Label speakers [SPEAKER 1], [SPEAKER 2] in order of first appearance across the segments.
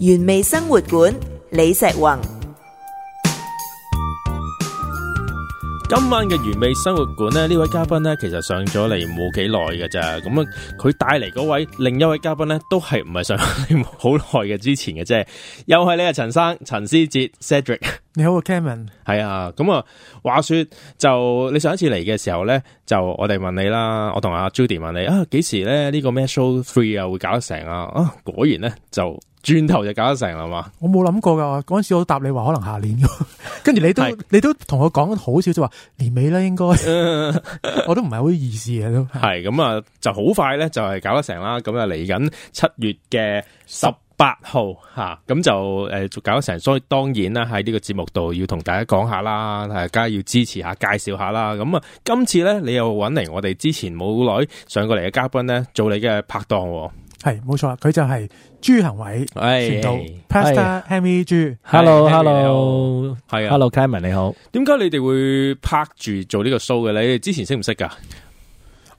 [SPEAKER 1] 原味生活館李石宏，
[SPEAKER 2] 今晚嘅原味生活館咧，呢位嘉賓咧，其實上咗嚟冇幾耐㗎。咋，咁啊，佢帶嚟嗰位另一位嘉賓咧，都係唔係上好耐嘅之前嘅啫，又係你啊，陳生陳思哲 Cedric，你好 Cameron，係啊，咁 啊，話說就你上一次嚟嘅時候咧，就我哋問你啦，我同阿 Judy 問你啊，幾時咧呢、這個 MAD show three 啊會搞得成啊，啊果然咧就。轉頭就搞得成啦嘛！
[SPEAKER 3] 我冇諗過噶，嗰陣時我答你話可能下年，跟 住你都 你都同我講好少、 嗯，就話年尾啦，應該我都唔係好意思嘅，都
[SPEAKER 2] 係咁啊，就好快咧就係搞得成啦，咁啊嚟緊七月嘅十八號吓，咁就誒搞得成，所以當然啦喺呢個節目度要同大家講下啦，大家要支持下，介紹下啦，咁、嗯、啊今次咧你又搵嚟我哋之前冇耐上過嚟嘅嘉賓咧做你嘅拍檔、啊。
[SPEAKER 3] 係冇錯，佢就係朱行偉，
[SPEAKER 2] 前、hey, 度 Pasta hey,
[SPEAKER 3] Henry 朱。Hello，Hello，係，Hello，Kevin 你好。
[SPEAKER 2] 點解你哋會拍住做呢個 show 嘅，你哋之前認認識唔識噶？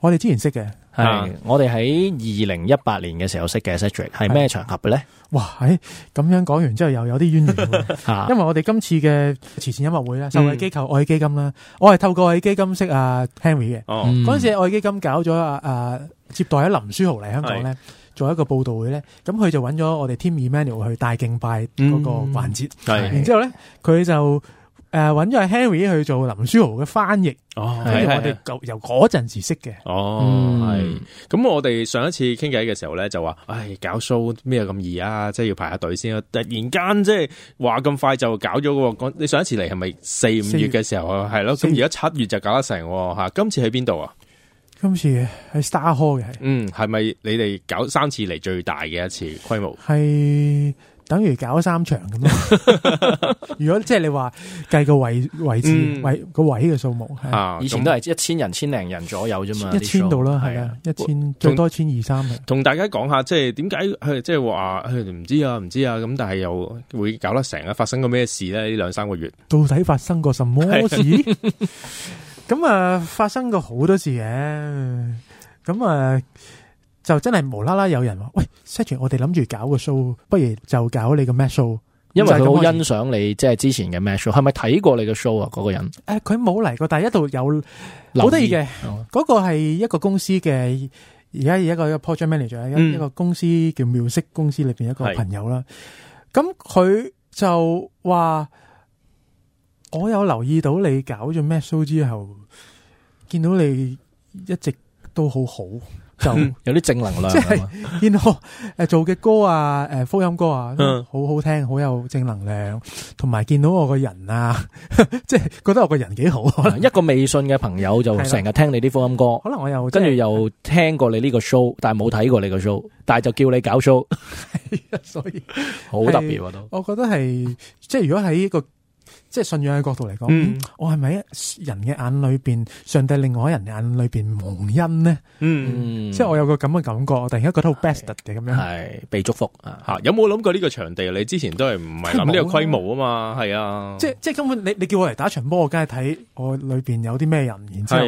[SPEAKER 3] 我哋之前識嘅，係
[SPEAKER 4] 我哋喺二零一八年嘅時候識嘅。係咩場合嘅咧？
[SPEAKER 3] 哇，咁樣講完之後又有啲淵源。吓， 因為我哋今次嘅慈善音樂會咧，受惠機構、嗯、愛基金啦，我係透過愛基金識阿 Henry 嘅。嗰、哦、陣、嗯、時愛基金搞咗阿阿接待阿林書豪嚟香港咧。做一個報道會咧，咁佢就揾咗我哋 Timmy Manuel 去大敬拜嗰個環節，嗯，然之後咧，佢就誒揾咗 Harry 去做林書豪嘅翻譯，我哋
[SPEAKER 2] 由嗰陣時識嘅。哦，係，咁我哋，哦嗯，上一次傾偈嘅時候咧就話，唉，搞 show 咩咁易啊？即係要排下隊先啊，突然間即係話咁快就搞咗，你上一次嚟係咪四五月嘅時候啊？係咯，咁而家七月就搞得成吓，今次喺邊度啊？
[SPEAKER 3] 今次係 Star Hall 嘅，
[SPEAKER 2] 嗯，係咪你哋搞三次嚟最大嘅一次規模？
[SPEAKER 3] 係等於搞三場咁樣。 如果即係你話計個位位置，嗯、位個位嘅數目，啊，以前都係一
[SPEAKER 4] 千人千零人左
[SPEAKER 2] 右啫嘛，1, 1, 000, 1, 2, 一千度啦，係，就是就是，啊，一千最多一千二三。同大家講下，即係點解？佢即係話唔知啊，唔知啊咁，但係又會搞得成日發生過咩事咧？呢兩三個月，
[SPEAKER 3] 到底發生過什麼事？ 咁啊，發生過好多事嘅，啊，咁啊，就真係無啦啦有人話，喂，Sir，我哋諗住搞個 show，不如就搞你個 MAD show，因為佢好欣
[SPEAKER 4] 賞你，即、就、係、是、之前嘅 MAD show，係咪睇過你嘅 show 啊？嗰，那個人，
[SPEAKER 3] 誒、啊，佢冇嚟過，但係一度有留意嘅，嗰、哦、個係一個公司嘅，而家一個 project manager，、嗯、一個公司叫妙色公司裏邊一個朋友啦，咁佢就話。我有留意到你搞咗咩 show 之後，見到你一直都好好，就有啲正能量。即係見到誒做嘅歌啊，誒福音歌啊，好好聽，好有正能量。同埋見到我個人啊，即係覺得我個人幾好。一個微信嘅朋友就成日聽你啲福音歌，
[SPEAKER 4] 可能我又跟住又聽過你呢個 show，但係冇睇過你個 show，但係就叫你搞 show。
[SPEAKER 3] 係啊，所以好特別都。我覺得係即係如果喺一個。即係信仰嘅角度嚟講，嗯，我係咪喺人嘅眼裏邊，上帝另外一人嘅眼裏邊蒙恩呢？嗯，嗯即係我有個咁嘅感覺，我突然間覺得好 best 嘅咁樣，係
[SPEAKER 2] 被祝福啊！吓，有冇諗過呢個場地？你之前都係唔係諗呢個規模啊嘛？係啊，即
[SPEAKER 3] 係即係根本你你叫我嚟打場波，我梗係睇我裏邊有啲咩人，然之後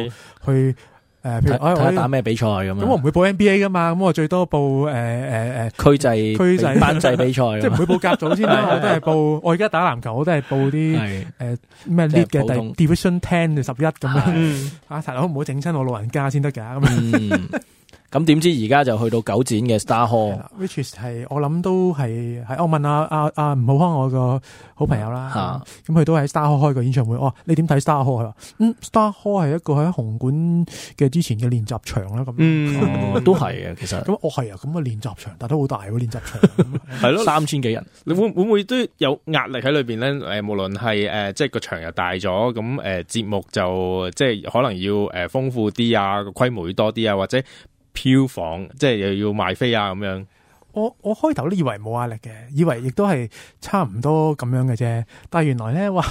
[SPEAKER 3] 去。誒、呃，譬如睇下打咩比賽咁樣，咁我唔會報 NBA 噶嘛，咁我最多報誒誒誒區制、區制、 班制比賽，即係唔會報甲組先啦， 我都係是報。 我而家打籃球，我都係報啲誒咩 league 嘅第 Division Ten 是的、十一咁樣。啊，大佬唔好整親我老人家先得噶。嗯
[SPEAKER 4] 咁點知而家就去到九展嘅 Star Hall，Which
[SPEAKER 3] is 係我諗都係係我問下阿阿吳浩康我個好朋友啦，咁、啊、佢、啊、都喺 Star Hall 開個演唱會哦、啊。你點睇 Star Hall 啊、嗯？咁 Star Hall 係一個喺紅館嘅之前嘅練習場啦，咁嗯，嗯 都係啊，其實咁我係啊，咁、哦那個練習場但都好大喎，練、那、習、個、場
[SPEAKER 2] 係咯 三千幾人，你會會唔會都有壓力喺裏邊咧？誒，無論係誒即係個場又大咗，咁誒節目就即係可能要誒豐、呃、富啲啊，規模多啲啊，或者。票房即係又要賣飛啊！咁樣，
[SPEAKER 3] 我我開頭都以為冇壓力嘅，以為亦都係差唔多咁樣嘅啫。但係原來咧，哇，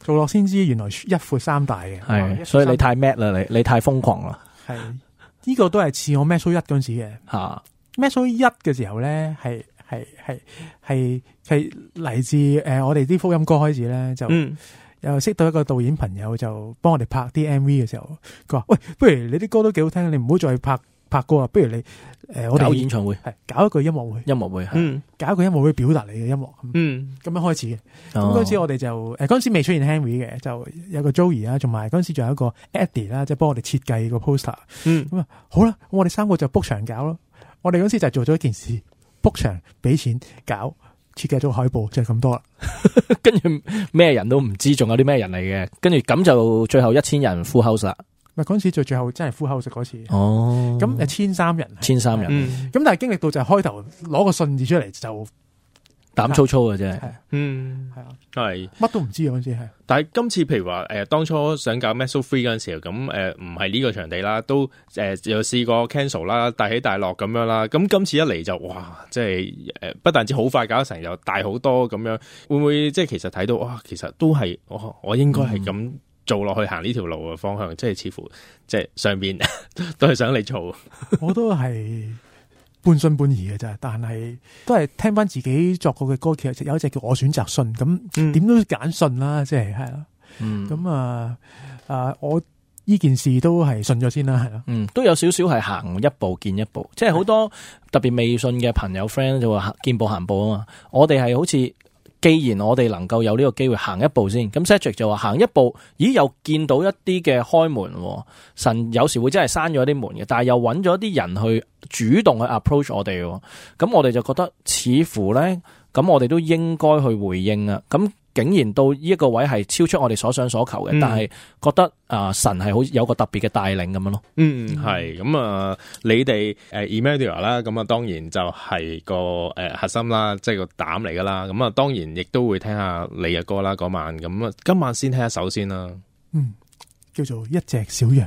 [SPEAKER 3] 做落先知，原來一闊三大嘅。係、啊，所以你
[SPEAKER 4] 太 mad 啦，你你太瘋狂啦。
[SPEAKER 1] 係，呢、
[SPEAKER 3] 這個都係似我 MAD SHOW 一嗰陣時嘅吓。MAD SHOW 一嘅時候咧，係係係係係嚟自誒、呃、我哋啲福音歌開始咧就，嗯、又識到一個導演朋友，就幫我哋拍啲 M V 嘅時候，佢話：喂，不如你啲歌都幾好聽，你唔好再拍。拍過啊，不如你誒、呃，我哋搞演唱會，係搞一個音樂會，音樂會係，搞一個音樂會,會,、嗯、會表達你嘅音樂，咁、嗯、咁樣開始嘅。咁開始我哋就誒，嗰、哦、陣、呃、時未出現 Henry 嘅，就有個 Joey 啦、啊，同埋嗰陣時仲有一個 Eddie 啦、啊，即係幫我哋設計個 poster。咁、嗯、啊、嗯、好啦，我哋三個就 book 場搞咯。我哋嗰陣時就做咗一件事，book 場俾錢搞設計咗海報，就咁、是、多啦。 跟住咩人都
[SPEAKER 4] 唔知，仲有啲咩人嚟嘅。跟住咁就最後一千人 full house 啦。
[SPEAKER 3] 咪嗰次最最後真係呼口食嗰次，哦，咁誒千三人，千三人，咁、嗯、但係經歷到就開頭攞個信字出嚟就膽粗粗嘅啫，嗯，係啊，係乜都唔知嗰陣時係，
[SPEAKER 2] 但係今次譬如話誒當初想搞 Mad Show 3嗰陣時候，咁誒唔係呢個場地啦，都誒、呃、又試過 cancel 啦，大起大落咁樣啦，咁今次一嚟就哇，即係誒不但止好快搞成，又大好多咁樣，會唔會即係其實睇到哇，其實都係我我應該係咁。做落去行呢條路嘅方向，即係似乎即係上面都係想你做。
[SPEAKER 3] 我都係半信半疑嘅啫，但係都係聽翻自己作過嘅歌，其實有一隻叫我選擇信。咁點都揀信啦，即係係啦。咁啊、呃呃、我呢件事都係信咗先啦，係咯。嗯，
[SPEAKER 4] 都有少少係行一步見一步，即係好多特別未信嘅朋友 friend 就話見步行步啊嘛。我哋係好似。既然我哋能夠有呢個機會行一步先，咁 Cedric 就話行一步，咦又見到一啲嘅開門，神有時會真係閂咗啲門嘅，但係又搵咗啲人去主動去 approach 我哋，咁我哋就覺得似乎呢，咁我哋都應該去回應啊，咁。竟然到呢一個位係超出我哋所想所求嘅，嗯、但係覺得啊神係好有個特別嘅帶領咁樣咯、嗯。
[SPEAKER 1] 嗯，係
[SPEAKER 2] 咁啊，你哋誒 e m a i l 啦，咁、呃、啊當然就係個誒、呃、核心啦，即係個膽嚟噶啦。咁啊當然亦都會聽下你嘅歌啦。嗰晚咁啊，今晚先聽一首先啦。嗯，
[SPEAKER 3] 叫做一隻小羊。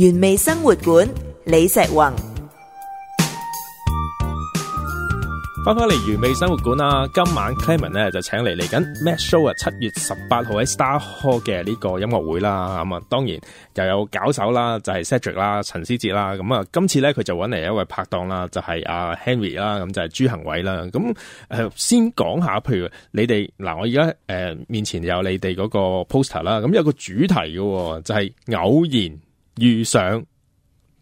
[SPEAKER 1] 原味生活館李石宏，
[SPEAKER 2] 翻返嚟原味生活館啦。今晚 Clement 咧就請嚟嚟緊 MAD Show 啊？七月十八號喺 Star Hall 嘅呢個音樂會啦，咁啊、嗯！當然又有搞手啦，就係、是、Cedric 啦、陳思哲啦咁啊、嗯！今次咧佢就揾嚟一位拍檔啦，就係、是、阿、啊、Henry 啦，咁、嗯、就係、是、朱恒偉啦。咁、嗯、誒、呃，先講下，譬如你哋嗱、呃，我而家誒面前有你哋嗰個 poster 啦，咁、嗯、有個主題嘅、哦，就係、是、偶然。遇上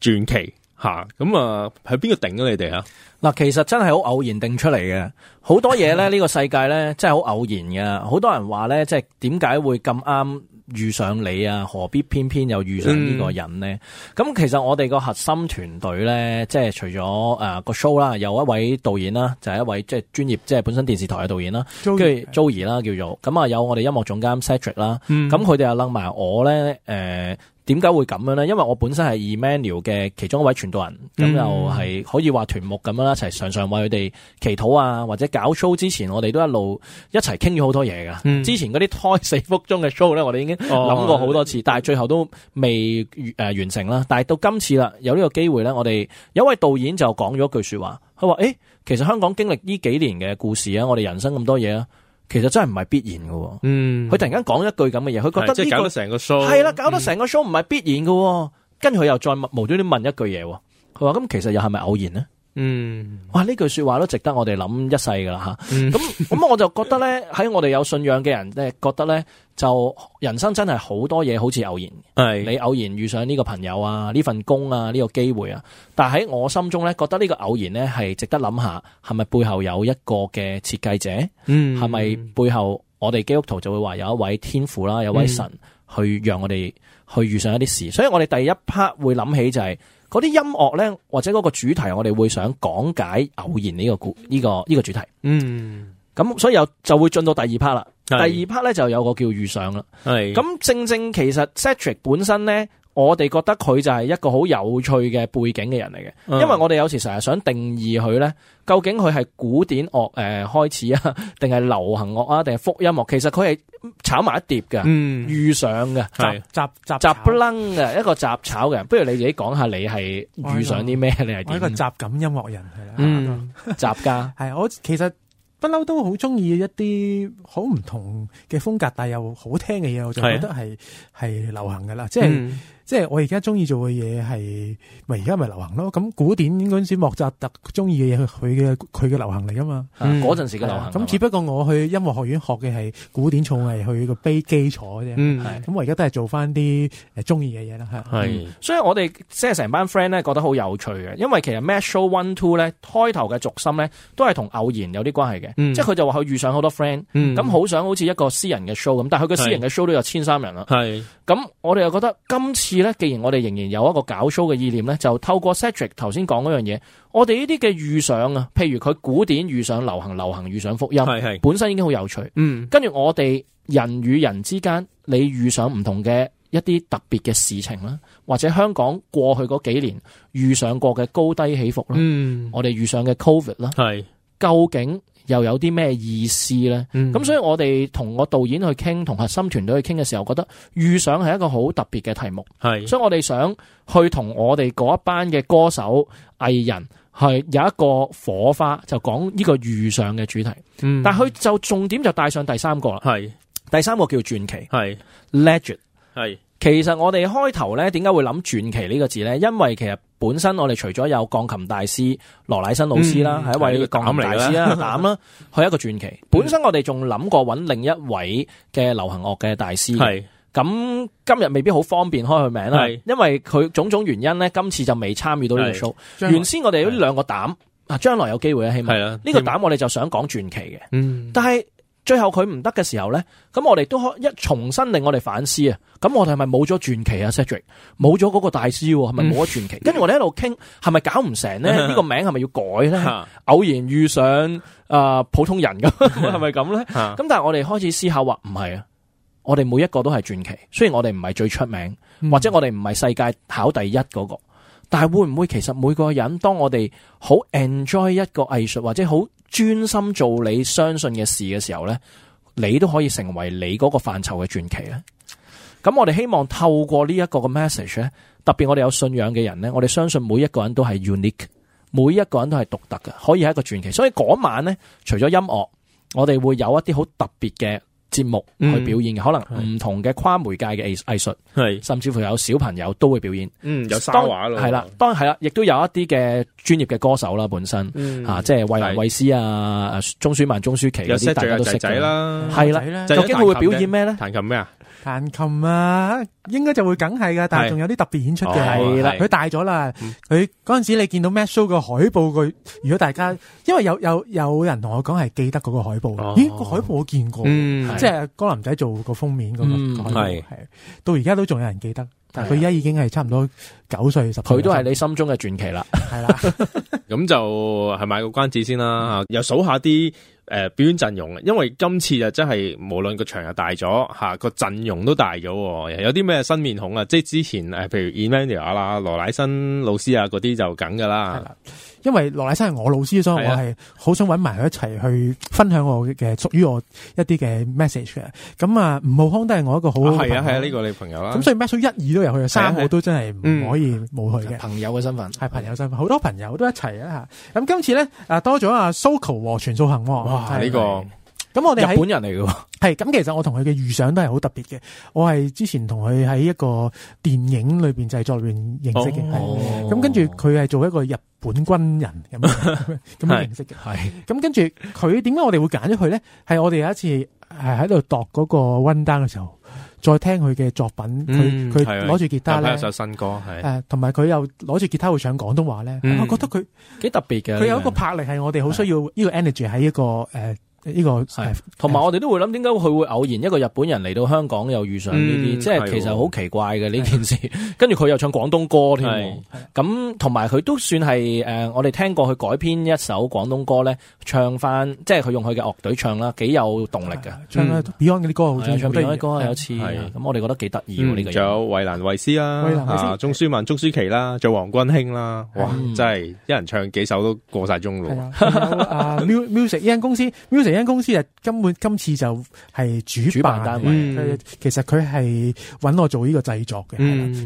[SPEAKER 2] 傳奇吓，咁啊喺邊個頂咗你哋啊？嗱，其實真係好偶然定出嚟嘅，好多嘢咧，呢個世界
[SPEAKER 4] 咧，真係好偶然嘅。好 多人話咧，即係點解會咁啱遇上你啊？何必偏偏又遇上呢個人呢？咁、嗯、其實我哋個核心團隊咧，即係除咗誒個 show 啦，有一位導演啦，就係、是、一位即係專業，即、就、係、是、本身電視台嘅導演啦，跟住 Joey 啦叫做。咁啊，有我哋音樂總監 Cedric 啦、嗯，咁佢哋又掹埋我咧，誒、呃。點解會咁樣呢？因為我本身係 Emmanuel 嘅其中一位傳道人，咁、嗯、又係可以話團木咁樣一齊，常常為佢哋祈禱啊，或者搞 show 之前，我哋都一路一齊傾咗好多嘢噶、嗯。之前嗰啲胎死腹中嘅 show 咧，我哋已經諗過好多次，哦、但係最後都未完成啦。但係到今次啦，有呢個機會咧，我哋有一位導演就講咗一句說話，佢話：誒、欸、其實香港經歷呢幾年嘅故事啊，我哋人生咁多嘢啊。其實真係唔係必然嘅，嗯，佢突然間講一句咁嘅嘢，佢覺得呢、這個，即搞到成個 show，係啦，搞到成個 show 唔係必然嘅，跟住、嗯、佢又再無端端問一句嘢，佢話咁其實又係咪偶然呢？嗯，哇，呢句說話都值得我哋諗一世噶啦吓，咁、嗯、咁我就覺得咧，喺 我哋有信仰嘅人咧，覺得咧。就人生真係好多嘢，好似偶然，你偶然遇上呢個朋友啊，呢份工啊，呢個機會啊。但係喺我心中呢，覺得呢個偶然呢係值得諗下，係咪背後有一個嘅設計者？嗯、係咪背後我哋基督徒就會話有一位天父啦、嗯，有位神去讓我哋去遇上一啲事。所以我哋第一 part 會諗起就係嗰啲音樂呢，或者嗰個主題，我哋會想講解偶然呢個故呢個呢個主題。嗯。咁所以又就會進到第二 part 啦。第二 part 咧就有個叫遇上啦。咁正正其實 Cetric 本身咧，我哋覺得佢就係一個好有趣嘅背景嘅人嚟嘅。嗯、因為我哋有時成日想定義佢咧，究竟佢係古典樂誒開始啊，定係流行樂啊，定係福音樂？其實佢係炒埋一碟嘅，遇上嘅，雜雜楞嘅一個雜炒嘅。不如你自己講下，你係遇上啲咩？你係點？我係一
[SPEAKER 3] 個雜感音樂人嚟，嗯，雜家。 我其實不嬲都好中意一啲好唔同嘅風格，但又好聽嘅嘢，我就覺得係係、啊、流行噶啦，即係、嗯。即係我而家中意做嘅嘢係，咪而家咪流行咯。咁古典嗰陣時莫扎特中意嘅嘢，佢嘅佢嘅流行嚟噶嘛？嗰、嗯、陣、嗯、時嘅流行、嗯。咁只不過我去音樂學院學嘅係古典重係去個基基礎啫。係、嗯、咁，嗯、我而家都係做翻啲誒中意嘅嘢啦。係。係、嗯。
[SPEAKER 4] 所以我哋即係成班 friend 咧覺得好有趣嘅，因為其實 MAD SHOW one two 咧開頭嘅軸心咧都係同偶然有啲關係嘅、嗯。即係佢就話佢遇上好多 friend，咁好想好似一個私人嘅 show 咁，但係佢個私人嘅 show 都有千三人啦。係。咁我哋又覺得今次。以呢既然我哋仍然有一個搞 show 嘅意念咧，就透過 Cedric 頭先講嗰樣嘢，我哋呢啲嘅遇上啊，譬如佢古典遇上流行，流行遇上福音，係係本身已經好有趣。嗯，跟住我哋人與人之間你遇上唔同嘅一啲特別嘅事情啦，或者香港過去嗰幾年遇上過嘅高低起伏啦，嗯，我哋遇上嘅 Covid 啦，係究竟，又有啲咩意思呢？咁、嗯、所以我哋同個導演去傾，同核心團隊去傾嘅時候，覺得遇上係一個好特別嘅題目。係，所以我哋想去同我哋嗰一班嘅歌手藝人，係有一個火花，就講呢個遇上嘅主題。嗯、
[SPEAKER 1] 但係
[SPEAKER 4] 佢就重點就帶上第三個啦。係，第三個叫傳奇，係 legend，係。其實我哋開頭咧，點解會諗傳奇個呢個字咧？因為其實本身我哋除咗有鋼琴大師羅乃新老師啦，係、嗯、一位鋼琴大師啊，膽、嗯、啦，佢係一個傳奇、嗯。本身我哋仲諗過揾另一位嘅流行樂嘅大師嘅。咁今日未必好方便開佢名啦，係因為佢種種原因咧，今次就未參與到呢個 show。原先我哋有呢兩個膽、啊，啊將來有機會咧，希望係啦。呢、啊這個膽我哋就想講傳奇嘅，嗯，但係。最後佢唔得嘅時候咧，咁我哋都一重新令我哋反思啊！咁我哋係咪冇咗傳奇啊 Cedric 冇咗嗰個大師，係咪冇咗傳奇？跟 住我哋一路傾，係咪搞唔成咧？呢 個名係咪要改咧？ 偶然遇上啊、呃、普通人咁，係咪咁咧？咁 但係我哋開始思考話唔係啊！我哋每一個都係傳奇，雖然我哋唔係最出名， 或者我哋唔係世界考第一嗰個，但係會唔會其實每個人當我哋好 enjoy 一個藝術或者好？專心做你相信嘅事嘅時候呢，你都可以成為你嗰個範疇嘅傳奇呢，咁我哋希望透過呢一個嘅 message 呢，特別我哋有信仰嘅人呢，我哋相信每一個人都係 unique，每一個人都係獨特嘅，可以係一個傳奇。所以嗰晚呢，除咗音樂，我哋會有一啲好特別嘅。節目去表演嘅、嗯，可能唔同嘅跨媒介嘅藝藝術，係甚至乎有小朋友都會表演。嗯，有沙畫咯，係啦，當然係啦，亦都有一啲嘅專業嘅歌手啦，本身、嗯啊、即係衛蘭、衛詩啊、鍾舒漫、鍾舒淇嗰啲，大家都
[SPEAKER 2] 識仔啦，係、嗯、啦，究竟佢會表演咩咧？彈琴咩啊？彈琴啊，應
[SPEAKER 3] 該就會梗係噶，但係仲有啲特別演出嘅，係啦，佢大咗啦，佢嗰陣時你見到 MAD SHOW 個海報佢，如果大家因為有有有人同我講係記得嗰個海報，咦個海報我見過，即係江南仔做個封面咁，係係到而家都仲有人記得，但係佢而家已經係差唔多。九歲十歲，佢都係你心中嘅傳奇啦。係
[SPEAKER 2] 啦，咁就係買個關子先啦、嗯。又數下啲誒表演陣容，因為今次就真係無論個場又大咗，吓個陣容都大咗。有啲咩新面孔啊？即係之前誒，譬如 Emmanuel 啦、羅乃新老師啊，嗰啲就梗噶啦。係啦，
[SPEAKER 3] 因為羅乃新係我老師，所以我係好想搵埋佢一齊去分享我嘅屬於我一啲嘅 message 啊。咁啊，吳浩康都係我一個好係啊係啊
[SPEAKER 2] 呢個你朋友啦。咁、啊啊啊這個、所
[SPEAKER 3] 以 match 到一二都有去，佢哋三我都真係唔可以冇去嘅朋友嘅身份係朋友身份，好多朋友都一齊啊吓！咁今次咧，多咗阿 Soko 和全素行哇！呢、這個
[SPEAKER 2] 咁我哋日本人嚟嘅
[SPEAKER 3] 係咁，其實我同佢嘅遇上都係好特別嘅。我係之前同佢喺一個電影裏邊就作完認識嘅。咁跟住佢係做一個日本軍人咁 樣咁樣認識嘅。係咁跟住佢點解我哋會揀咗佢咧？係我哋有一次喺度度嗰個 rundown 嘅時候。再聽佢嘅作品，佢佢攞住吉他咧，一首新
[SPEAKER 2] 歌係，
[SPEAKER 3] 同埋佢又攞住吉他會唱廣東話咧，嗯，我覺得
[SPEAKER 2] 佢幾特別嘅，佢有一個
[SPEAKER 3] 魄力係我哋好需要呢個 energy 喺一個、呃呢、這個
[SPEAKER 4] 同埋，還有我哋都會諗點解佢會偶然一個日本人嚟到香港，又遇上呢啲、嗯，即係其實好奇怪嘅呢件事。跟住佢又唱廣東歌添，咁同埋佢都算係誒、呃，我哋聽過佢改編一首廣東歌咧，唱翻即係佢用佢嘅樂隊唱啦，幾有
[SPEAKER 2] 動力嘅、嗯。唱
[SPEAKER 3] Beyond 嗰啲歌好中意，Beyond 歌有次咁，我
[SPEAKER 2] 哋覺得幾得意呢，仲有衛蘭衛詩，衛蘭衛詩啊，鍾舒漫、鍾舒祺啦，仲有黃君興啦，哇！嗯、真係一人唱幾首都過晒中路。
[SPEAKER 3] music 呢間公司 music。間公司啊，根本今次就係主辦單位。其實佢係揾我做呢個製作嘅。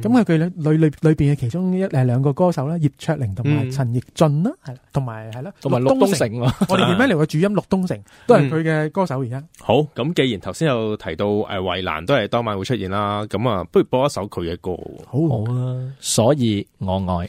[SPEAKER 3] 咁啊，佢裏裏裏邊嘅其中一誒兩個歌手咧，葉卓玲同埋陳奕俊啦，係啦，同埋係咯，同埋陸東城。我哋裡面嘅主音陸東城都係佢嘅歌手而家。
[SPEAKER 2] 好，咁既然頭先有提到誒，衛蘭都係當晚會出現啦。咁啊，不如播一首佢嘅歌。
[SPEAKER 4] 好好啦，所以我愛。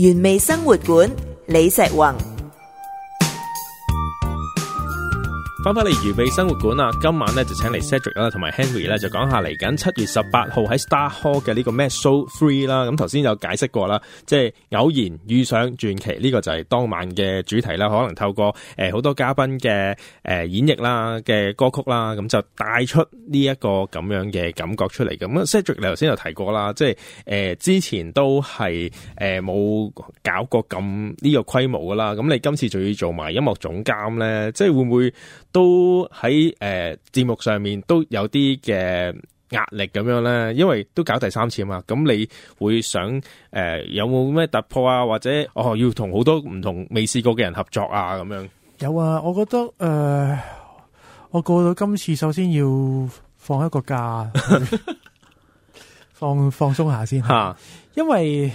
[SPEAKER 1] 原味生活館，李石宏。
[SPEAKER 2] 返翻嚟預備生活館啊，今晚咧就請嚟 Cedric 啦，同埋 Henry 咧就講下嚟緊七月十八號喺 Star Hall 嘅呢個 Mad Show Three 啦。咁頭先有解釋過啦，即係偶然遇上傳奇呢、呢個就係當晚嘅主題啦。可能透過誒好多嘉賓嘅誒演繹啦嘅歌曲啦，咁就帶出呢一個咁樣嘅感覺出嚟。咁啊 Cedric 你頭先有提過啦，即係誒、呃、之前都係誒冇搞過咁呢、呢個規模噶啦。咁你今次仲要做埋音樂總監咧，即係會唔會？都喺誒節目上面都有啲嘅壓力咁樣啦，因為都搞第三次啊嘛，咁你會想誒、呃，有冇咩突破啊，或者哦要同好多唔同未試過嘅人合作啊咁樣？
[SPEAKER 3] 有啊，我覺得誒、呃，我過到今次首先要放一個假， 放放鬆下先吓、啊，因為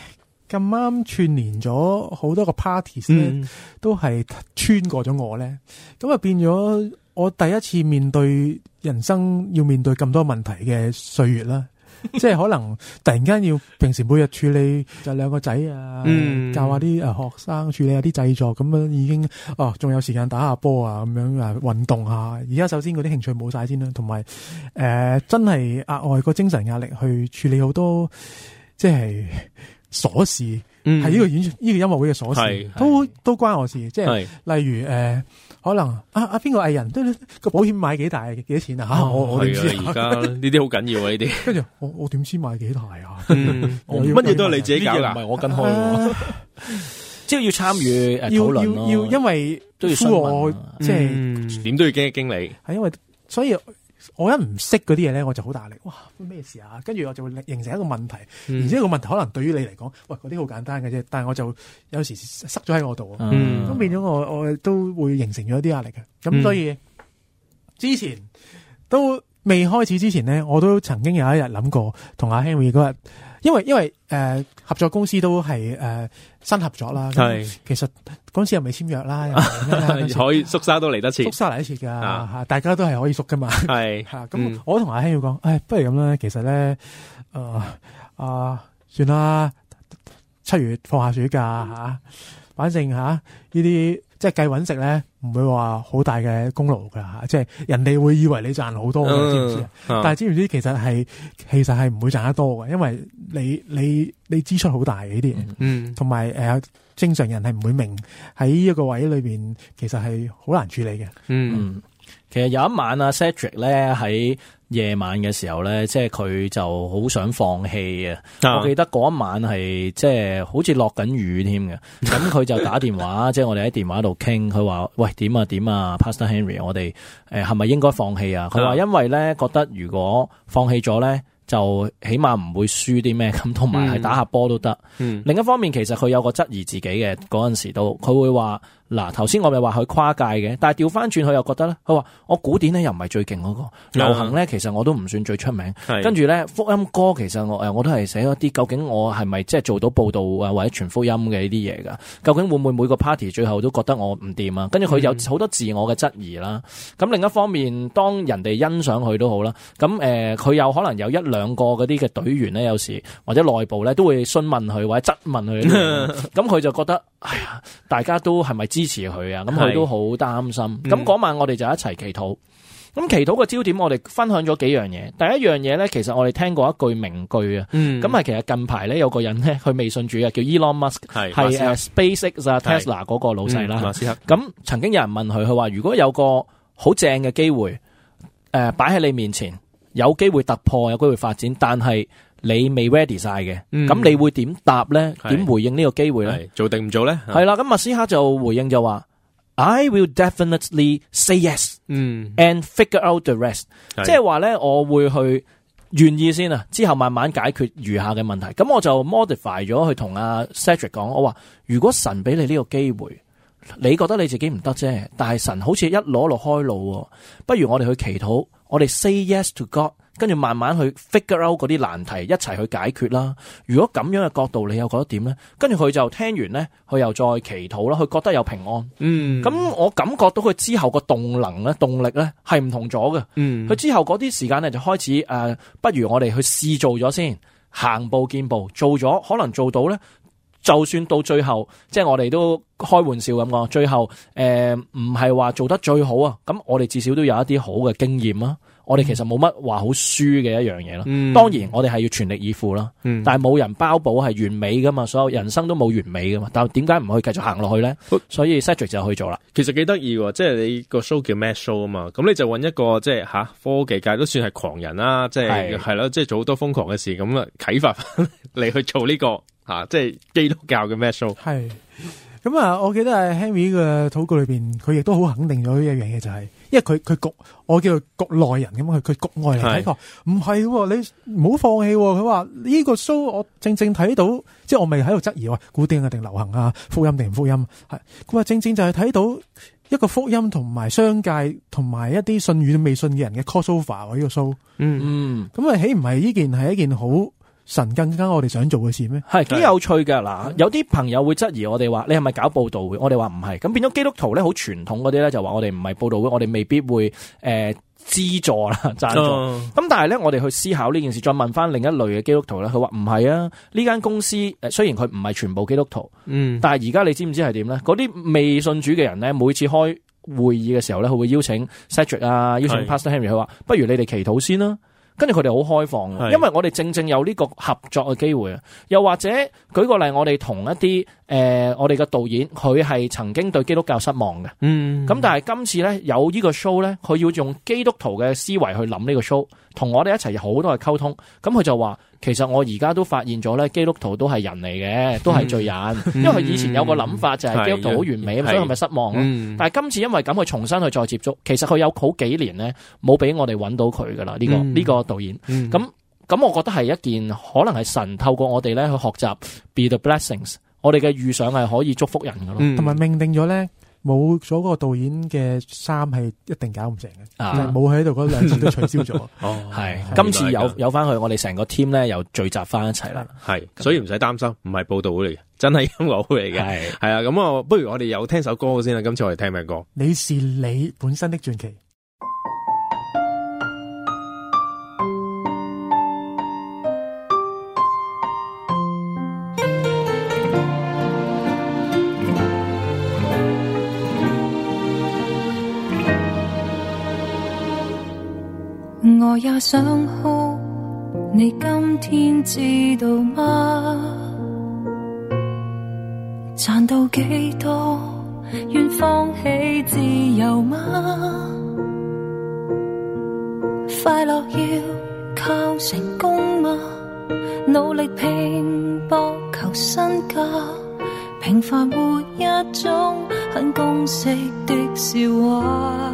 [SPEAKER 3] 咁啱串連咗好多個 p a r t y e 都係。穿過咗我咧，咁啊變咗我第一次面對人生要面對咁多問題嘅歲月啦， 即係可能突然間要平時每日處理就兩個仔啊，嗯、教下啲誒學生，處理下啲製作咁樣，已經哦仲有時間打下波啊，咁樣啊運動下。而家首先嗰啲興趣冇晒先啦，同埋誒真係額外個精神壓力去處理好多即係瑣事。嗯，係呢個演呢個音樂會嘅鎖匙，都都關我事。即係例如誒、呃，可能啊啊邊個藝人都個保險買幾大，幾多錢啊？吓、哦啊，我我點知、啊？而家
[SPEAKER 2] 呢啲好緊要啊！呢啲跟住我
[SPEAKER 3] 我點知買幾大啊？乜、嗯、嘢都係你自己搞，唔係我跟開。即、
[SPEAKER 2] 啊、係、就是、要參與誒討論咯，要因為都要詢問、啊，即係點都要經經理。
[SPEAKER 3] 係因為所以。我一唔識嗰啲嘢咧，我就好大壓力，哇咩事啊？跟住我就會形成一個問題，嗯、而且個問題可能對於你嚟講，喂嗰啲好簡單嘅啫，但係我就有時塞咗喺我度咁、嗯、變咗我我都會形成咗啲壓力嘅。咁所以之前都未開始之前呢，我都曾經有一日諗過同阿興義嗰日，因為因為誒、呃、合作公司都係誒。呃新合作啦，其實嗰陣時又未簽約啦，又 可以
[SPEAKER 2] 縮沙都嚟得切，縮沙嚟得切噶，啊，
[SPEAKER 3] 大家都係可以縮噶嘛。係
[SPEAKER 2] 咁， 我
[SPEAKER 3] 同阿興要講，誒、 哎，不如咁啦，其實咧，誒、呃，啊，算啦，七月放下暑假吓，嗯、反正吓呢啲。啊即係計穩食咧，唔會話好大嘅功勞噶吓，即係人哋會以為你賺好多嘅，知唔知啊、嗯嗯？但係知唔知其實係，其實係唔會賺得多嘅，因為你你你支出好大呢啲，嗯，同埋誒，正常人係唔會明喺呢一個位裏邊，其實係好難處理嘅、嗯。嗯，
[SPEAKER 4] 其實有一晚啊 Cedric 呢咧喺。夜晚嘅時候咧，即係佢就好想放棄啊！Oh. 我記得嗰一晚係即係好似落緊雨添嘅，咁 佢就打電話，即 係我哋喺電話度傾，佢話：喂，點啊點啊，Pastor Henry，我哋誒係咪應該放棄啊？佢、oh. 話因為咧覺得如果放棄咗咧，就起碼唔會輸啲咩，咁同埋係打下波都得。Mm. 另一方面，其實佢有個質疑自己嘅嗰陣時，都佢會話。嗱，頭先我咪話佢跨界嘅，但係調翻轉佢又覺得咧，佢話我古典咧又唔係最勁嗰、嗰個，no. 流行咧其實我都唔算最出名，跟住咧福音歌其實我誒我都係寫一啲，究竟我係咪即係做到報道啊或者傳福音嘅呢啲嘢㗎？究竟會唔會每個 party 最後都覺得我唔掂啊？跟住佢有好多自我嘅質疑啦。咁、mm. 另一方面，當人哋欣賞佢都好啦，咁誒佢有可能有一兩個嗰啲嘅隊員咧，有時或者內部咧都會詢問佢或者質問佢，咁 佢就覺得哎呀，大家都係咪知？支持佢啊，咁佢都好擔心。咁嗰、那個、晚我哋就一齊祈禱。咁、嗯、祈禱嘅焦點，我哋分享咗幾樣嘢。第一樣嘢咧,其實我哋聽過一句名句啊。嗯，咁係其實近排咧有個人咧，佢未信主啊，叫 Elon Musk，係係、uh, Space X Tesla 嗰個老細啦，馬斯克。咁、嗯、曾經有人問佢，佢話如果有個好正嘅機會，誒擺喺你面前，有機會突破，有機會發展，但係，你未 ready 晒嘅，咁、嗯、你會點答咧？點回應個機呢個機會咧？
[SPEAKER 2] 做定唔做咧？係啦，
[SPEAKER 4] 咁阿斯克就回應就話、嗯、：I will definitely say yes，嗯，and figure out the rest。即係話咧，我會去願意先啊，之後慢慢解決餘下嘅問題。咁我就 modify 咗去同阿 Cedric 講，我話：如果神俾你呢個機會，你覺得你自己唔得啫，但係神好似一攞落開路，不如我哋去祈禱，我哋 say yes to God。跟住慢慢去 figure out 嗰啲難題，一齊去解決啦。如果咁樣嘅角度，你又覺得點咧？跟住佢就聽完咧，佢又再祈禱啦。佢覺得有平安。嗯，咁我感覺到佢之後個動能咧、動力咧係唔同咗嘅。嗯，佢之後嗰啲時間咧就開始誒、啊，不如我哋去試做咗先，行步見步，做咗可能做到咧，就算到最後，即係我哋都開玩笑咁講，最後誒唔係話做得最好啊，咁我哋至少都有一啲好嘅經驗啦。我哋其實冇乜話好輸嘅一樣嘢咯，當然我哋係要全力以赴啦、嗯，但係冇人包保係完美噶嘛，所有人生都冇完美噶嘛。但係點解唔可以繼續行落去咧？所以 s i d r 就去做啦。
[SPEAKER 2] 其實幾得意喎，即係你個 show 叫咩 show 啊嘛？咁你就揾一個即係吓、啊、科技界都算係狂人啦，即係係咯，即係做好多瘋狂嘅事咁啊，啟發你去做呢、這個吓、啊，即係基督教嘅咩 show？
[SPEAKER 3] 係。咁、嗯、啊，我記得係 Henry 嘅禱告裏面，佢亦都好肯定咗一樣嘢，就係，因為佢佢局，我叫局內人咁，佢佢局外人睇法，唔係、哦、你唔好放棄、哦，佢話呢個 show 我正正睇到，即係我未喺度質疑，喂，古典啊定流行啊，福音定唔福音，咁啊，正正就係睇到一個福音同埋商界同埋一啲信與未信嘅人嘅 crossover 喎呢個 show，嗯嗯，咁啊，起唔係呢件係一件好。神更加我哋想做嘅事咩？
[SPEAKER 4] 係幾有趣㗎！嗱，有啲朋友會質疑我哋話，你係咪搞布道會？我哋話唔係，咁變咗基督徒咧，好傳統嗰啲咧就話我哋唔係布道會，我哋未必會誒資助啦，贊、呃、助。咁、哦、但係咧，我哋去思考呢件事，再問翻另一類嘅基督徒咧，佢話唔係啊，呢間公司誒，雖然佢唔係全部基督徒，嗯，但係而家你知唔知係點咧？嗰啲未信主嘅人咧，每次開會議嘅時候咧，佢會邀請 Cedric 啊，邀請 Pastor Henry，佢話不如你哋祈禱先啦。跟住佢哋好開放，因為我哋正正有呢個合作嘅機會啊，又或者舉個例，我哋同一啲。誒、呃，我哋嘅導演佢係曾經對基督教失望嘅，咁、嗯、但係今次咧有呢個 show 咧，佢要用基督徒嘅思維去諗呢個 show，同我哋一齊好多嘅溝通，咁佢就話其實我而家都發現咗咧，基督徒都係人嚟嘅，都係罪人，嗯、因為佢以前有個諗法就係基督徒好完美，嗯、所以佢咪失望咯、嗯。但係今次因為咁，佢重新去再接觸，其實佢有好幾年咧冇俾我哋揾到佢噶啦，呢、這個呢、嗯這個導演，咁、嗯、咁我覺得係一件可能係神透過我哋咧去學習 be the blessings。我哋嘅預想係可以祝福人㗎咯、嗯，同埋
[SPEAKER 3] 命定咗咧，冇咗個導演嘅衫係一定搞唔成嘅，冇喺度嗰兩次都取消咗。
[SPEAKER 4] 係、 哦、今次有有翻去，我哋成個 team 咧又聚集翻一齊啦。
[SPEAKER 2] 係，所以唔使擔心，唔係報道會嚟嘅，真係音樂會嚟嘅。係係啊，咁我不如我哋有聽首歌先啦。今次我哋聽咩歌？
[SPEAKER 3] 你是你本身的傳奇。
[SPEAKER 5] 我也想哭，你今天知道嗎？賺到幾多，願放棄自由嗎？快樂要靠成功嗎？努力拼搏求身價，平凡活一種很公式的笑話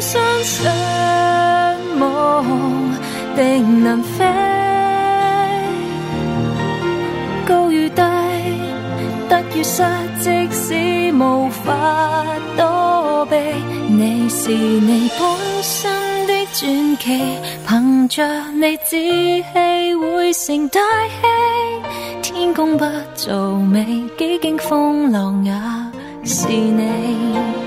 [SPEAKER 5] 相信夢定能飛，高與低，得與失，即使無法躲避。你是你本身的傳奇，憑着你志氣會成大器。天公不造美，幾經風浪也是你。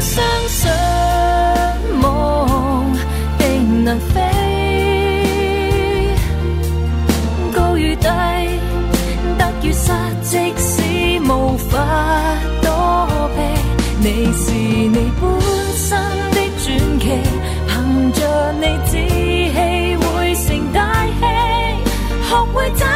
[SPEAKER 5] 相信夢定能飛，高與低，得與失，即使無法躲避。你是你本身的傳奇，憑着你志氣會成大器，學會。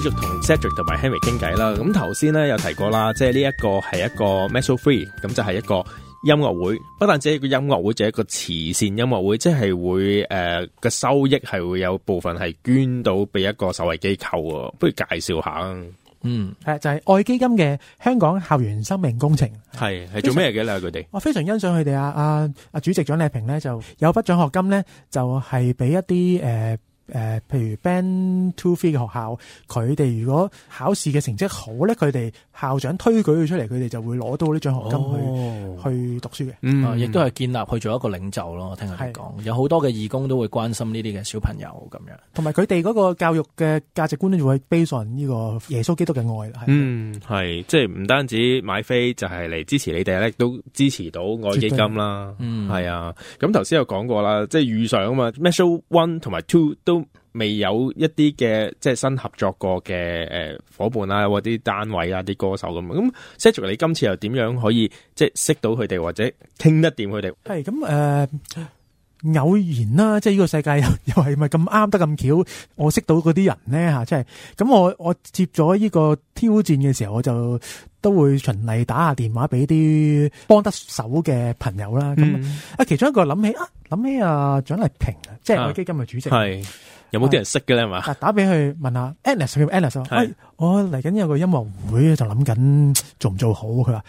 [SPEAKER 2] 繼續同 Cedric 同埋 Henry 傾偈啦。咁頭先咧有提過啦，即係呢一個係一個 MAD SHOW III，咁就係一個音樂會。不但止係一個音樂會，就係一個慈善音樂會，即係會誒個收益係會有部分係捐到俾一個受惠機構。不如介紹下啊。嗯，
[SPEAKER 3] 係就係愛基金嘅香港校園生命工程。
[SPEAKER 2] 係係做咩嘅咧？佢哋
[SPEAKER 3] 我非常欣賞佢哋啊！啊啊！主席蔣麗萍咧，就有筆獎學金咧，就係俾一啲誒。誒、呃，譬如 Band Two Three 嘅學校，佢哋如果考試嘅成績好咧，佢哋校長推舉佢出嚟，佢哋就會攞到啲獎學金去、哦、去讀書嘅。
[SPEAKER 4] 嗯，亦都係建立去做一個領袖咯。我聽人講，有好多嘅義工都會關心呢啲嘅小朋
[SPEAKER 3] 友咁樣，同埋佢哋嗰個教育嘅價值觀咧，就係 based on 呢個耶穌基督嘅愛，嗯，
[SPEAKER 2] 係，即係唔單止買飛就係、是、嚟支持你哋咧，都支持到愛基金啦。嗯，係啊。咁頭先有講過啦，即係遇上啊嘛 MAD SHOW One 同埋 Two 都。未有一啲嘅即係新合作過嘅誒、呃、伙伴啦，或啲單位啊，啲歌手咁。咁 schedule 你今次又點樣可以即係識到佢哋，或者傾得掂佢哋？
[SPEAKER 3] 係咁誒，偶然啦，即係呢個世界又又係咪咁啱得咁巧？我識到嗰啲人呢。吓、啊，即係咁我我接咗呢個挑戰嘅時候，我就都會循例打下電話俾啲幫得手嘅朋友啦。咁、嗯、啊，其中一個諗起，啊、諗起啊，諗起啊，蔣麗萍啊，即係我基金嘅主席係。
[SPEAKER 2] 有冇啲人識嘅咧？係嘛？嗱，
[SPEAKER 3] 打俾佢問下，Alice 叫 Alice，我嚟緊有個音樂會，就諗緊做唔做好。佢話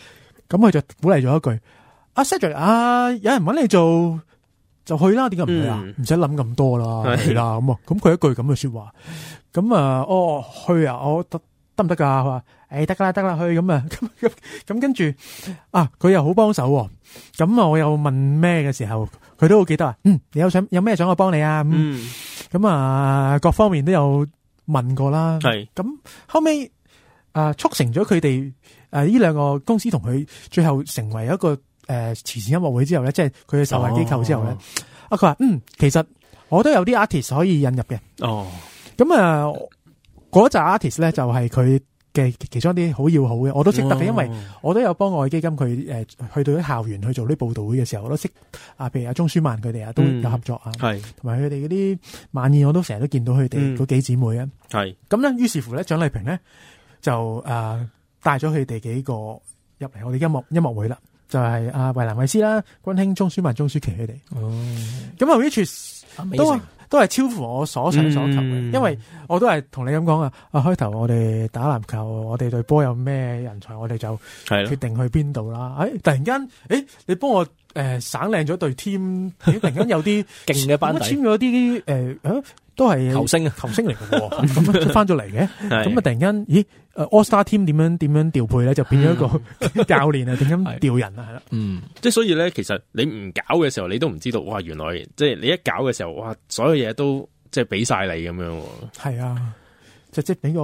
[SPEAKER 3] 咁，佢就鼓勵咗一句：阿 Sergey，啊，有人搵你做就去啦，點解唔去啊？唔使諗咁多啦，係啦咁啊。咁佢一句咁嘅說話，咁啊，哦，去啊，我得得唔得噶？佢話誒，得啦，得啦，去咁啊，咁咁跟住啊，佢又好幫手。咁啊我又問咩嘅時候，佢都好記得啊。嗯，你有想有咩想我幫你啊？嗯。咁啊，各方面都有問過啦。係咁後尾啊，促成咗佢哋誒呢兩個公司同佢最後成為一個誒慈善音樂會之後咧，即係佢嘅受惠機構之後咧。啊、哦，佢話嗯，其實我都有啲 artist 可以引入嘅。哦，咁啊，嗰扎 artist 咧就係佢。嘅其中啲好要好嘅，我都識得嘅，因為我都有幫我嘅基金佢誒去到啲校園去做啲報導會嘅時候，我都識啊，譬如阿鐘舒曼佢哋啊，都有合作啊，係同埋佢哋嗰啲晚宴，我都成日都見到佢哋嗰幾姊妹嘅。係咁咧，於是乎咧，蔣麗萍咧就誒帶咗佢哋幾個入嚟我哋音樂音樂會啦，就係阿衛蘭衛詩啦、君興、鐘舒曼、鐘舒琪佢哋。哦，咁啊，Vetries 多啊。都係超乎我所想所求嘅，嗯，因為我都係同你咁講啊！啊，開頭我哋打籃球，我哋對波有咩人才，我哋就決定去邊度啦。誒、哎，突然間，誒、哎，你幫我誒、呃、省靚咗對 team，突然間有啲勁嘅班底。都係球星啊，球星嚟嘅，咁翻咗嚟嘅，咁 啊 突然間，咦？誒，All Star Team 點樣點樣調配咧，就變咗一個教練啊？點 樣調人啊？係
[SPEAKER 2] 啦，嗯，即係所以咧，其實你唔搞嘅時候，你都唔知道，哇！原來即係你一搞嘅時候，哇，所有嘢都即係俾晒你咁樣。
[SPEAKER 3] 係啊，即係即俾個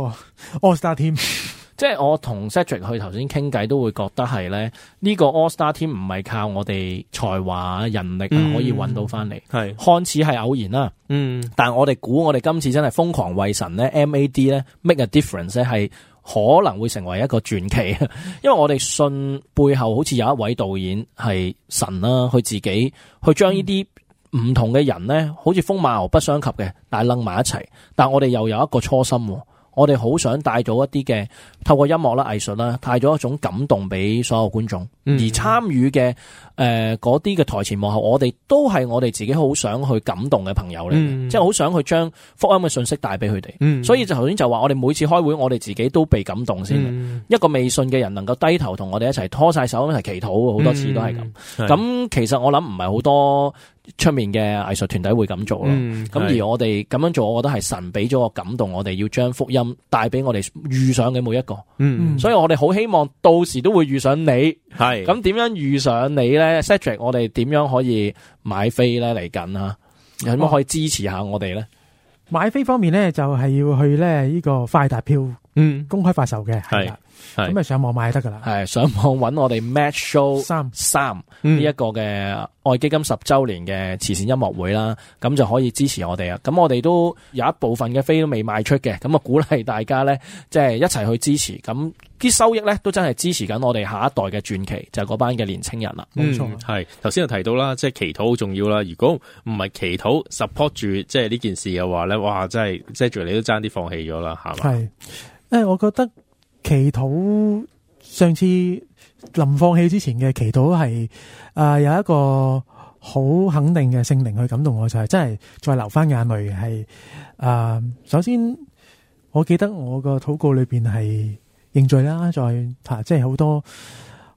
[SPEAKER 3] All Star Team。
[SPEAKER 4] 即係我同 Cedric 去頭先傾偈，都會覺得係咧，呢個 All Star Team 唔係靠我哋才華、人力可以搵到翻嚟，係看似係偶然啦。嗯，但係我哋估，我哋今次真係瘋狂為神咧，MAD 咧，make a difference 咧，係可能會成為一個傳奇。因為我哋信背後好似有一位導演係神啦，佢自己去將呢啲唔同嘅人咧，好似風馬牛不相及嘅，但係楞埋一齊。但係我哋又有一個初心。我哋好想帶到一啲嘅透過音樂啦、藝術啦，帶咗一種感動俾所有觀眾。嗯、而參與嘅誒嗰啲嘅台前幕後，我哋都係我哋自己好想去感動嘅朋友嚟、嗯，即係好想去將福音嘅信息帶俾佢哋。所以就頭先就話，我哋每次開會，我哋自己都被感動先、嗯。一個未信嘅人能夠低頭同我哋一齊拖晒手，一齊祈禱，好多次都係咁。咁、嗯、其實我諗唔係好多。出面嘅藝術團體會咁做咯，咁而我哋咁樣做，嗯、我,樣做我覺得係神俾咗個感動，我哋要將福音帶俾我哋遇上嘅每一個，嗯、所以我哋好希望到時都會遇上你，係咁點樣遇上你咧？Setrik，我哋點樣可以買飛咧？嚟緊啊，有乜可以支持下我哋咧？
[SPEAKER 3] 買飛方面咧，就係要去咧呢個快達票、嗯，公開發售嘅。咁咪上網買得噶啦，
[SPEAKER 4] 係上網搵我哋 MAD SHOW 三 三、嗯、呢一、這個嘅愛基金十周年嘅慈善音樂會啦，咁就可以支持我哋啊！咁我哋都有一部分嘅飛都未賣出嘅，咁啊鼓勵大家咧，即、就、係、是、一齊去支持，咁啲收益咧都真係支持緊我哋下一代嘅傳奇，就係、是、嗰班嘅年青人啦。冇、嗯、錯，
[SPEAKER 2] 係頭先就提到啦，即、就、係、是、祈禱好重要啦。如果唔係祈禱 support 住，即係呢件事嘅話咧，哇，真係即住你都爭啲放棄咗啦，係嘛？係，
[SPEAKER 3] 誒、欸，我覺得。祈禱上次臨放棄之前嘅祈禱，係，誒、呃、有一個好肯定嘅聖靈去感動我，就係、是，真係再流翻眼淚。係誒、呃，首先我記得我個禱告裏邊係認罪啦，再、就、吓、是啊、即係好多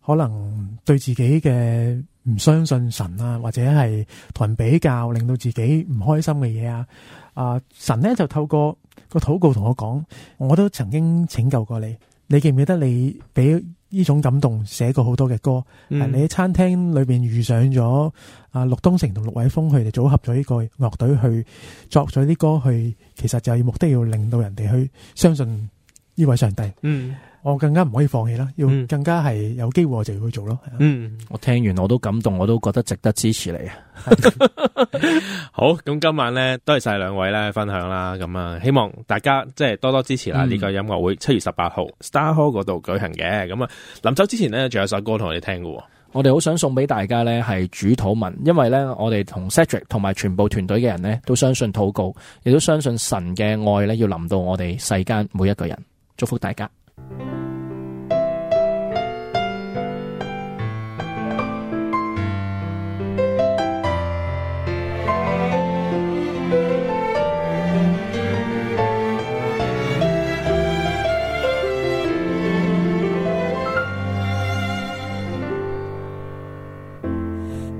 [SPEAKER 3] 可能對自己嘅唔相信神啊，或者係同人比較，令到自己唔開心嘅嘢啊，啊、呃、神呢就透過個禱告同我講，我都曾經拯救過你。你記唔記得你俾呢種感動寫過好多嘅歌？嗯啊、你喺餐廳裏面遇上咗啊，陸東城同陸偉峰，佢哋組合咗呢個樂隊去作咗啲歌去，其實就係目的要令到人哋去相信呢位上帝。嗯。我更加唔可以放棄啦，要更加係有機會，我就要去做咯。嗯。
[SPEAKER 2] 嗯，我聽
[SPEAKER 3] 完我都感動，我都覺得值得支持你
[SPEAKER 2] 啊。 好，咁今晚咧，多謝晒兩位咧，分享啦。咁啊，希望大家即係多多支持啦。呢、嗯，這個音樂會七月十八號 Star Hall 嗰度舉行嘅。咁啊，臨走之前呢，仲有首歌同我哋聽嘅。
[SPEAKER 4] 我哋好想送俾大家呢係主禱文，因為呢，我哋同 Cedric 同埋全部團隊嘅人呢都相信禱告，亦都相信神嘅愛呢要臨到我哋世間每一個人。祝福大家。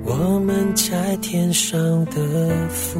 [SPEAKER 1] 我們在天上的父。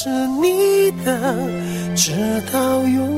[SPEAKER 1] 是你的，直到永。